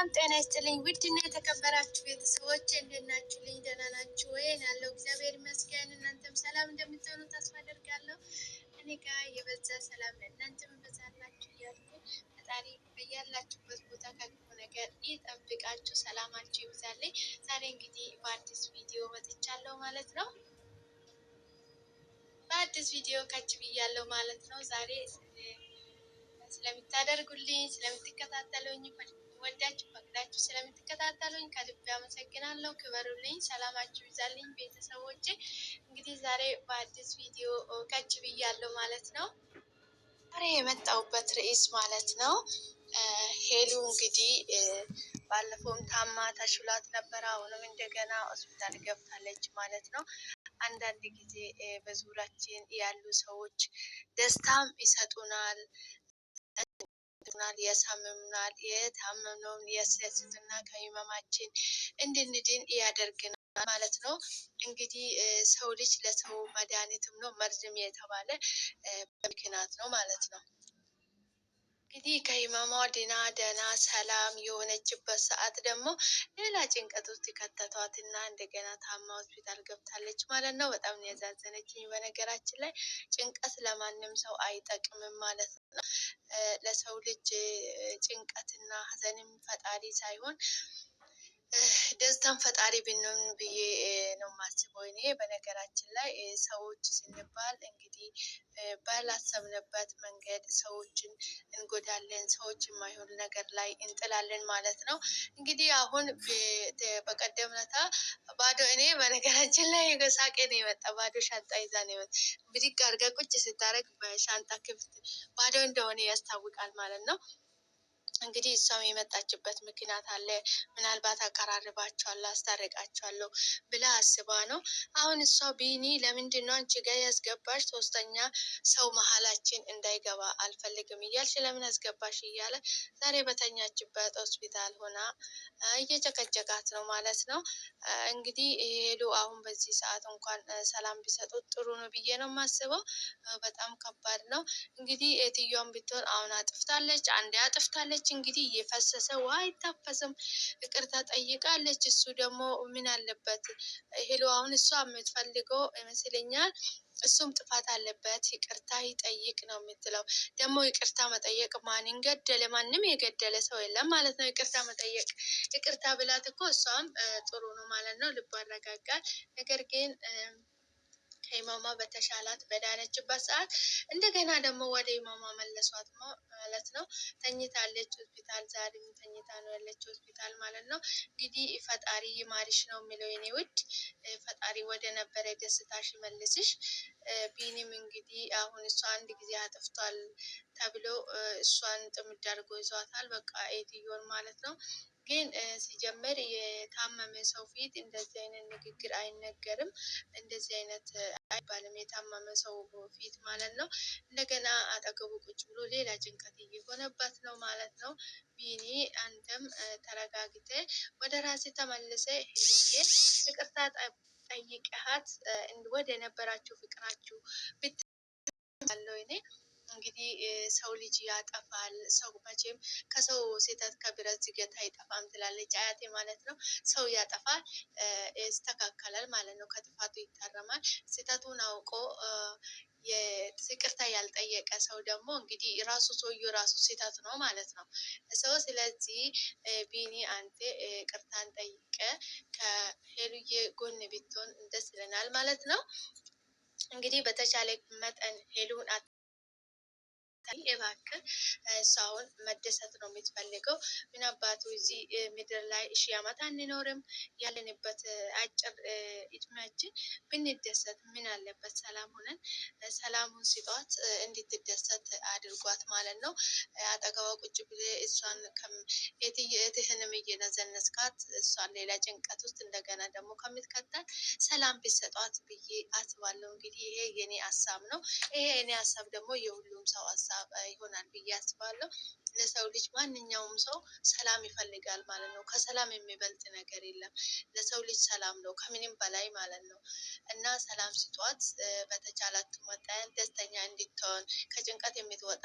ሰላም ጤና ይስጥልኝ። ውድና የተከበራችሁ ቤተሰቦች እንዴት ናችሁ? ልኝ ደህና ናችሁ ወይ? ያለው እግዚአብሔር ይመስገን። እናንተም ሰላም እንደምትሆኑ ተስፋ አደርጋለሁ። እኔ ጋ የበዛ ሰላም ለእናንተም በዛላችሁ እያልኩ ፈጣሪ በያላችሁበት ቦታ ከክፉ ነገር ይጠብቃችሁ፣ ሰላማችሁ ይብዛልኝ። ዛሬ እንግዲህ በአዲስ ቪዲዮ መጥቻለሁ ማለት ነው። በአዲስ ቪዲዮ ከች ብያለሁ ማለት ነው። ዛሬ ስለምታደርጉልኝ ስለምትከታተሉኝ ወዳችሁ ፈቅዳችሁ ስለምትከታተሉኝ ከልብ አመሰግናለሁ። ክበሩልኝ፣ ሰላማችሁ ይዛልኝ ቤተሰቦቼ። እንግዲህ ዛሬ በአዲስ ቪዲዮ ከች ብያለሁ ማለት ነው። ዛሬ የመጣሁበት ርዕስ ማለት ነው ሄሉ እንግዲህ ባለፈውም ታማ ተሽሏት ነበረ። አሁንም እንደገና ሆስፒታል ገብታለች ማለት ነው። አንዳንድ ጊዜ በዙሪያችን ያሉ ሰዎች ደስታም ይሰጡናል ያድናል፣ ያሳምምናል። የታመምነውን የስህተትና ከህመማችን እንድንድን ያደርግናል ማለት ነው። እንግዲህ ሰው ልጅ ለሰው መድኃኒትም ነው መርዝም የተባለ ምክንያት ነው ማለት ነው። እንግዲህ ከህመሟ ድና ደና ሰላም የሆነችበት ሰዓት ደግሞ ሌላ ጭንቀት ውስጥ ከተቷት እና እንደገና ታማ ሆስፒታል ገብታለች ማለት ነው። በጣም ነው ያዛዘነችኝ። በነገራችን ላይ ጭንቀት ለማንም ሰው አይጠቅምም ማለት ነው። ለሰው ልጅ ጭንቀትና ሀዘንም ፈጣሪ ሳይሆን ደስታን ፈጣሪ ብንሆን ብዬ ነው ማስበው። እኔ በነገራችን ላይ ሰዎች ስንባል እንግዲህ ባላሰብንበት መንገድ ሰዎችን እንጎዳለን፣ ሰዎች የማይሆን ነገር ላይ እንጥላለን ማለት ነው። እንግዲህ አሁን በቀደም ዕለት ባዶ እኔ በነገራችን ላይ ሳቄ ነው የመጣ ባዶ ሻንጣ ይዛ ነው የመጣ ብድግ አድርጋ ቁጭ ስታደርግ በሻንጣ ክፍት ባዶ እንደሆነ ያስታውቃል ማለት ነው። እንግዲህ እሷም የመጣችበት ምክንያት አለ። ምናልባት አቀራርባቸዋለሁ አስታርቃቸዋለሁ ብላ አስባ ነው። አሁን እሷ ቢኒ ለምንድን ነው አንቺ ጋር ያስገባሽ? ሶስተኛ ሰው መሀላችን እንዳይገባ አልፈልግም እያልሽ ለምን አስገባሽ? እያለ ዛሬ በተኛችበት ሆስፒታል ሆና እየጨቀጨቃት ነው ማለት ነው። እንግዲህ ሄሉ አሁን በዚህ ሰዓት እንኳን ሰላም ቢሰጡት ጥሩ ነው ብዬ ነው የማስበው። በጣም ከባድ ነው እንግዲህ የትየዋም ብትሆን አሁን አጥፍታለች፣ አንዴ አጥፍታለች እንግዲህ እየፈሰሰ ውሃ አይታፈስም ይቅርታ ጠይቃለች። እሱ ደግሞ ምን አለበት ሄሎ፣ አሁን እሷ የምትፈልገው ይመስለኛል እሱም ጥፋት አለበት ይቅርታ ይጠይቅ ነው የምትለው። ደግሞ ይቅርታ መጠየቅ ማንን ገደለ? ማንም የገደለ ሰው የለም ማለት ነው። ይቅርታ መጠየቅ ይቅርታ ብላት እኮ እሷም ጥሩ ነው ማለት ነው። ልብ አረጋጋል። ነገር ግን ሄማማ በተሻላት በዳነችበት ሰዓት እንደገና ደግሞ ወደ ኢማማ መለሷት ማለት ነው። ተኝታለች ሆስፒታል፣ ዛሬም ተኝታ ነው ያለች ሆስፒታል ማለት ነው። እንግዲህ ፈጣሪ ይማርሽ ነው የሚለው የኔ ውድ ፈጣሪ ወደ ነበረ ደስታሽ ይመልስሽ። ቢኒም እንግዲህ አሁን እሷ አንድ ጊዜ አጥፍቷል ተብሎ እሷን ጥምድ አድርጎ ይዟታል። በቃ ኤትዮን ማለት ነው። ግን ሲጀመር የታመመ ሰው ፊት እንደዚህ አይነት ንግግር አይነገርም። እንደዚህ አይነት አይባልም፣ የታመመ ሰው ፊት ማለት ነው። እንደገና አጠገቡ ቁጭ ብሎ ሌላ ጭንቀት እየሆነባት ነው ማለት ነው። ቢኒ አንተም ተረጋግተ ወደ ራሴ ተመልሰ ሄ ፍቅርታ ጠይቀሃት ወደ ነበራችሁ ፍቅራችሁ ብት እኔ እንግዲህ ሰው ልጅ ያጠፋል። ሰው መቼም ከሰው ስህተት ከብረት ዝገት አይጠፋም ትላለች አያቴ ማለት ነው። ሰው ያጠፋል፣ ይስተካከላል ማለት ነው። ከጥፋቱ ይታረማል። ስህተቱን አውቆ ይቅርታ ያልጠየቀ ሰው ደግሞ እንግዲህ ራሱ ሰውዩ ራሱ ስህተት ነው ማለት ነው። ሰው ስለዚህ ቢኒ አንተ ቅርታን ጠይቀ ከሄሉዬ ጎን ብትሆን ደስ ይለናል ማለት ነው። እንግዲህ በተቻለ መጠን ሄሉን ይህ እባክህ ሰውን መደሰት ነው የምትፈልገው? ምን አባቱ እዚህ ምድር ላይ እሺ ዓመት አንኖርም። ያለንበት አጭር እድሜያችን ብንደሰት ምን አለበት? ሰላም ሆነን ሰላሙን ስጧት፣ እንድትደሰት አድርጓት ማለት ነው። አጠገባ ቁጭ ብዬ እሷን እህትህንም እየነዘነስካት እሷን ሌላ ጭንቀት ውስጥ እንደገና ደግሞ ከምትከታል ሰላም ቢሰጧት ብዬ አስባለሁ። እንግዲህ ይሄ የኔ ሀሳብ ነው። ይሄ የኔ ሀሳብ ደግሞ የሁሉም ሰው ሀሳብ ሀሳብ ይሆናል ብዬ አስባለሁ። ለሰው ልጅ ማንኛውም ሰው ሰላም ይፈልጋል ማለት ነው። ከሰላም የሚበልጥ ነገር የለም። ለሰው ልጅ ሰላም ነው ከምንም በላይ ማለት ነው። እና ሰላም ስጧት በተቻላት መጠን ደስተኛ እንድትሆን ከጭንቀት የምትወጣ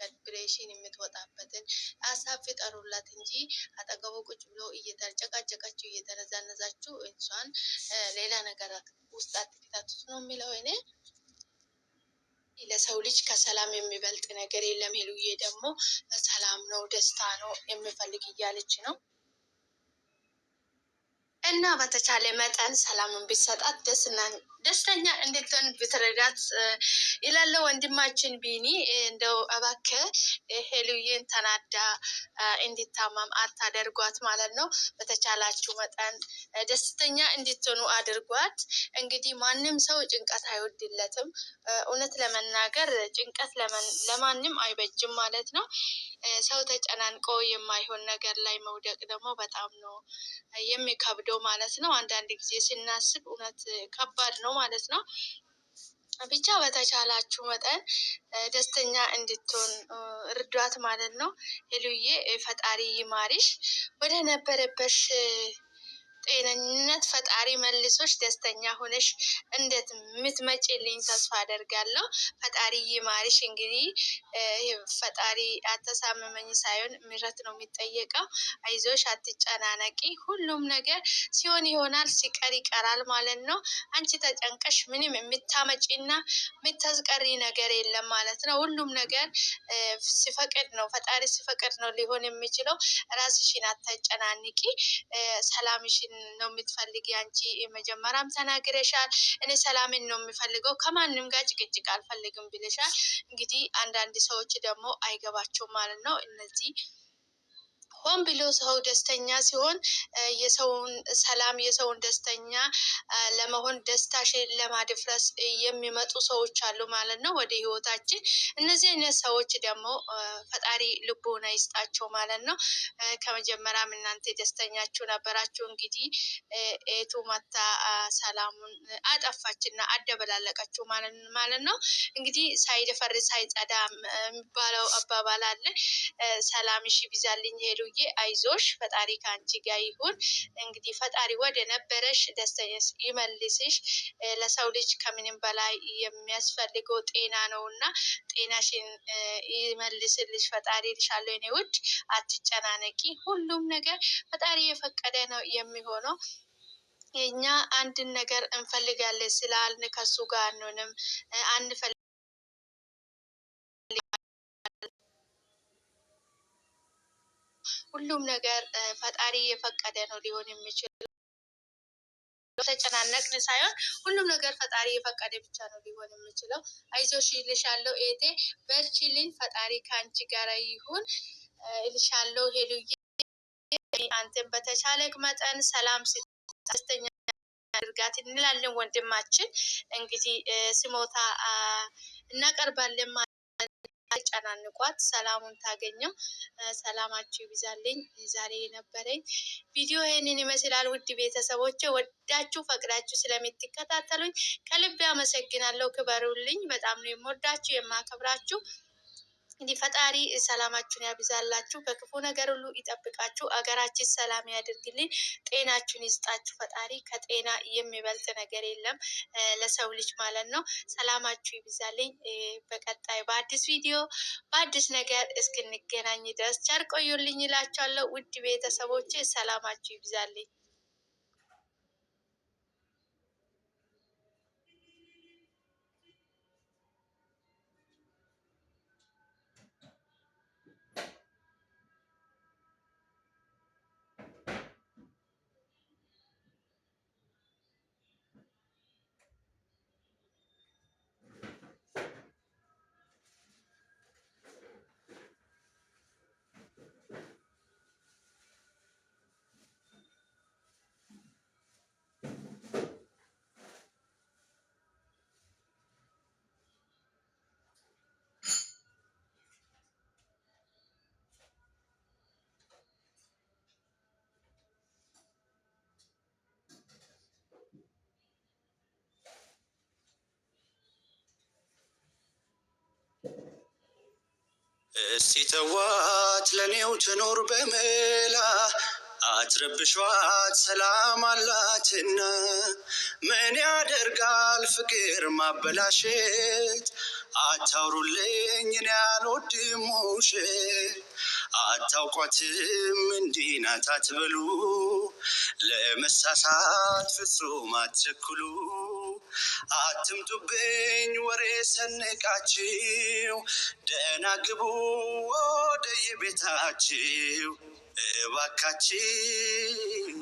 ከዲፕሬሽን የምትወጣበትን ሀሳብ ፍጠሩላት እንጂ አጠገቡ ቁጭ ብሎ እየተጨቃጨቃችሁ እየተነዛነዛችሁ እሷን ሌላ ነገር ውስጥ አትክታቱት ነው የሚለው እኔ ለሰው ልጅ ከሰላም የሚበልጥ ነገር የለም። ሄሉዬ ደግሞ ሰላም ነው፣ ደስታ ነው የምፈልግ እያለች ነው። እና በተቻለ መጠን ሰላምን ቢሰጣት ደስተኛ እንድትሆን ብትረዳት ይላለ ወንድማችን ቢኒ። እንደው አባከ ሄሉዬን ተናዳ እንዲታማም አታደርጓት ማለት ነው። በተቻላችሁ መጠን ደስተኛ እንድትሆኑ አድርጓት። እንግዲህ ማንም ሰው ጭንቀት አይወድለትም። እውነት ለመናገር ጭንቀት ለማንም አይበጅም ማለት ነው። ሰው ተጨናንቆ የማይሆን ነገር ላይ መውደቅ ደግሞ በጣም ነው የሚከብደው። ማለት ነው። አንዳንድ ጊዜ ስናስብ እውነት ከባድ ነው ማለት ነው። ብቻ በተቻላችሁ መጠን ደስተኛ እንድትሆን እርዷት ማለት ነው። ሄሉዬ ፈጣሪ ይማሪሽ ወደ ነበረበሽ ጤንነት ፈጣሪ መልሶች ደስተኛ ሆነሽ እንዴት የምትመጭልኝ ተስፋ አደርጋለሁ። ፈጣሪ ይማርሽ። እንግዲህ ፈጣሪ አተሳመመኝ ሳይሆን ምረት ነው የሚጠየቀው። አይዞሽ፣ አትጨናነቂ። ሁሉም ነገር ሲሆን ይሆናል፣ ሲቀር ይቀራል ማለት ነው። አንቺ ተጨንቀሽ ምንም የምታመጪና የምታስቀሪ ነገር የለም ማለት ነው። ሁሉም ነገር ሲፈቅድ ነው፣ ፈጣሪ ሲፈቅድ ነው ሊሆን የሚችለው። ራስሽን አታጨናንቂ። ሰላምሽን ነው የምትፈልግ አንቺ መጀመሪያም ተናግረሻል። እኔ ሰላምን ነው የሚፈልገው ከማንም ጋር ጭቅጭቅ አልፈልግም ብለሻል። እንግዲህ አንዳንድ ሰዎች ደግሞ አይገባቸው ማለት ነው እነዚህ ሆን ብሎ ሰው ደስተኛ ሲሆን የሰውን ሰላም የሰውን ደስተኛ ለመሆን ደስታሽን ለማድፍረስ የሚመጡ ሰዎች አሉ ማለት ነው ወደ ህይወታችን። እነዚህ አይነት ሰዎች ደግሞ ፈጣሪ ልቦና ይስጣቸው ማለት ነው። ከመጀመሪያም እናንተ ደስተኛችሁ ነበራችሁ። እንግዲህ ኤቱ መታ ሰላሙን አጠፋችና አደበላለቀችው ማለት ነው። እንግዲህ ሳይደፈር ሳይጸዳ የሚባለው አባባል አለ። ሰላም እሺ ቢዛልኝ ሄዱ ሄሉዬ አይዞሽ፣ ፈጣሪ ከአንቺ ጋር ይሁን። እንግዲህ ፈጣሪ ወደ ነበረሽ ደስታ ይመልስሽ። ለሰው ልጅ ከምንም በላይ የሚያስፈልገው ጤና ነው እና ጤናሽን ይመልስልሽ ፈጣሪ ልሻለሁ። እኔ ውድ አትጨናነቂ፣ ሁሉም ነገር ፈጣሪ የፈቀደ ነው የሚሆነው። እኛ አንድን ነገር እንፈልጋለን ስላልን ከሱ ጋር አንሆንም አንፈልግ ሁሉም ነገር ፈጣሪ የፈቀደ ነው ሊሆን የሚችለው። ተጨናነቅን ሳይሆን ሁሉም ነገር ፈጣሪ የፈቀደ ብቻ ነው ሊሆን የሚችለው። አይዞሽ ይልሻለው፣ ኤቴ፣ በርችልኝ፣ ፈጣሪ ከአንቺ ጋር ይሁን ይልሻለው። ሄሉዬ። አንተን በተቻለ መጠን ሰላም ስተኛ አድርጋት እንላለን። ወንድማችን እንግዲህ ስሞታ እናቀርባለን። አልጨናንቋት ሰላሙን ታገኘው። ሰላማችሁ ይብዛልኝ። ዛሬ የነበረኝ ቪዲዮ ይህንን ይመስላል። ውድ ቤተሰቦች ወዳችሁ ፈቅዳችሁ ስለምትከታተሉኝ ከልቤ አመሰግናለሁ። ክበሩልኝ። በጣም ነው የምወዳችሁ የማከብራችሁ። እንዲህ ፈጣሪ ሰላማችሁን ያብዛላችሁ፣ በክፉ ነገር ሁሉ ይጠብቃችሁ፣ አገራችን ሰላም ያድርግልን፣ ጤናችሁን ይስጣችሁ። ፈጣሪ ከጤና የሚበልጥ ነገር የለም ለሰው ልጅ ማለት ነው። ሰላማችሁ ይብዛልኝ። በቀጣይ በአዲስ ቪዲዮ በአዲስ ነገር እስክንገናኝ ድረስ ቸር ቆዩልኝ ውድ ቤተሰቦች ሰላማችሁ ይብዛልኝ። እስቲ ለኔው ትኖር በመላ አትረብሿት ሰላም አላትና ምን ያደርጋል ፍቅር ማበላሸት። አታውሩልኝ እኔ አልወድም ውሸት። አታውቋትም እንዲህ ናት አትበሉ። ለመሳሳት ፍጹም አትቸኩሉ። አትምጡብኝ ወሬ ሰንቃችሁ፣ ደህና ግቡ ወደየቤታችሁ እባካችሁ።